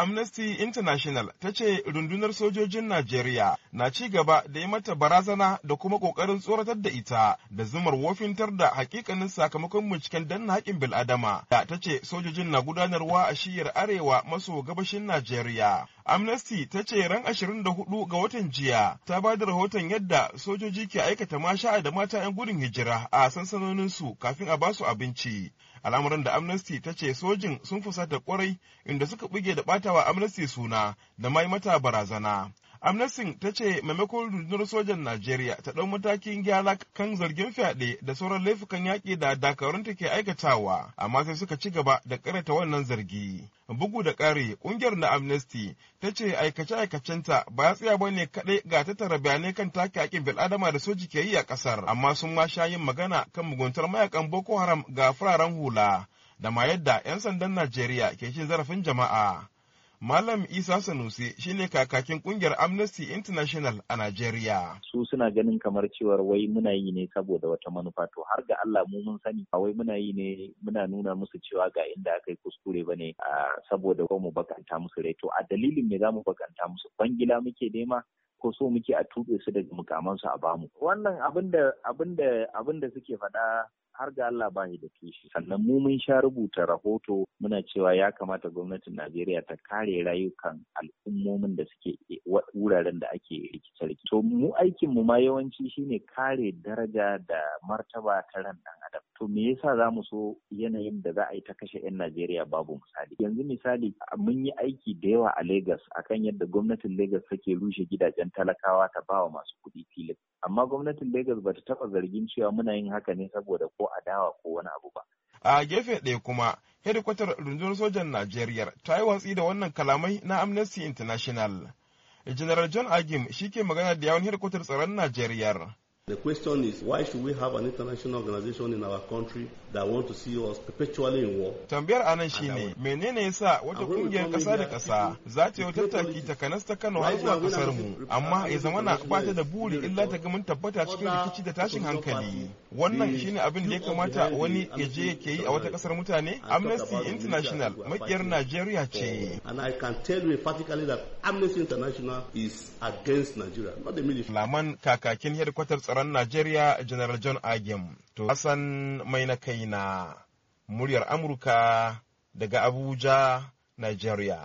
Amnesty International ta ce rundunar sojojin Najeriya na ci gaba da yi mata barazana da kuma kokarin tsoratar da ita da zumar wofintar da hakikanin sakamakon binciken danna haƙin bil'adama da ta ce sojojin na gudanarwa a shiyar arewa maso gabashin Najeriya. Amnesty ta ce ran 24 ga watan jiya ta ba da rahoton yadda sojoji ke aikata masha'a da mata 'yan gudun hijira a sansanoninsu kafin a basu abinci. Al'amuran da Amnesty ta ce sojin sun fusata kwarai inda suka buge da ɓata wa amnesty suna da mai mata barazana amnesty ta ce maimakon rundunar sojan najeriya ta ɗau matakin gyara kan zargin fyaɗe da sauran laifukan yaƙi da dakarunta ke aikatawa amma sai suka ci gaba da ta wannan zargi bugu da ƙari ƙungiyar na amnesty ta ce aikace-aikacenta ba ya tsaya bane kaɗai ga tattara bayanai kan take haƙƙin bil'adama da soji ke yi a ƙasar amma sun ma sha yin magana kan muguntar mayakan boko haram ga fararen hula da ma yadda 'yan sandan najeriya ke cin zarafin jama'a Malam Isa Sanusi shine kakakin kungiyar Amnesty International a Najeriya. Su suna ganin kamar cewar wai muna yi ne saboda wata manufa to har ga Allah mu mun sani ba wai muna yi ne muna nuna musu cewa ga inda aka yi kuskure ba ne saboda ko mu bakanta musu rai to a dalilin me zamu bakanta musu bangila muke nema ko so muke a tuɓe su daga mukamansu a bamu. Wannan abin da suke faɗa har ga Allah ba da kishi sannan mu mun sha rubuta rahoto muna cewa ya kamata gwamnatin Najeriya ta kare rayukan al'ummomin da suke e, wuraren da ake rikice rikice to mu aikin mu ma yawanci shine kare daraja da martaba ta ran dan to me yasa za mu so yanayin da za a yi ta kashe 'yan Najeriya babu misali. Yanzu misali mun yi aiki da yawa a Legas akan yadda gwamnatin Legas take rushe gidajen talakawa ta bawa masu kuɗi filin. Amma gwamnatin Legas ba ta taɓa zargin cewa muna yin haka ne saboda ko adawa ko wani abu ba. A gefe ɗaya kuma, hedikwatar rundunar sojan Najeriya ta yi watsi da wannan kalamai na Amnesty International. General John Agim shi ke magana da yawon hedikwatar tsaron Najeriya. The question is, why should we have an international organization in our country that want to see us perpetually in war? Tambayar anan shine menene yasa wata kungiyar kasa da kasa za ta yi tattaki ta ta Kano har zuwa kasar mu amma ya zama na ba ta da buri illa ta gamin tabbata cikin rikici da tashin hankali. Wannan shine abin da ya kamata wani ya je yi a wata kasar mutane? Amnesty International makiyar Najeriya ce. And I can tell you emphatically that Amnesty International is against Nigeria, not the military. Laman kakakin hedkwatar tsaron shugaban Najeriya General John Agim. To Hassan mai na kai na muryar Amurka daga Abuja, Najeriya.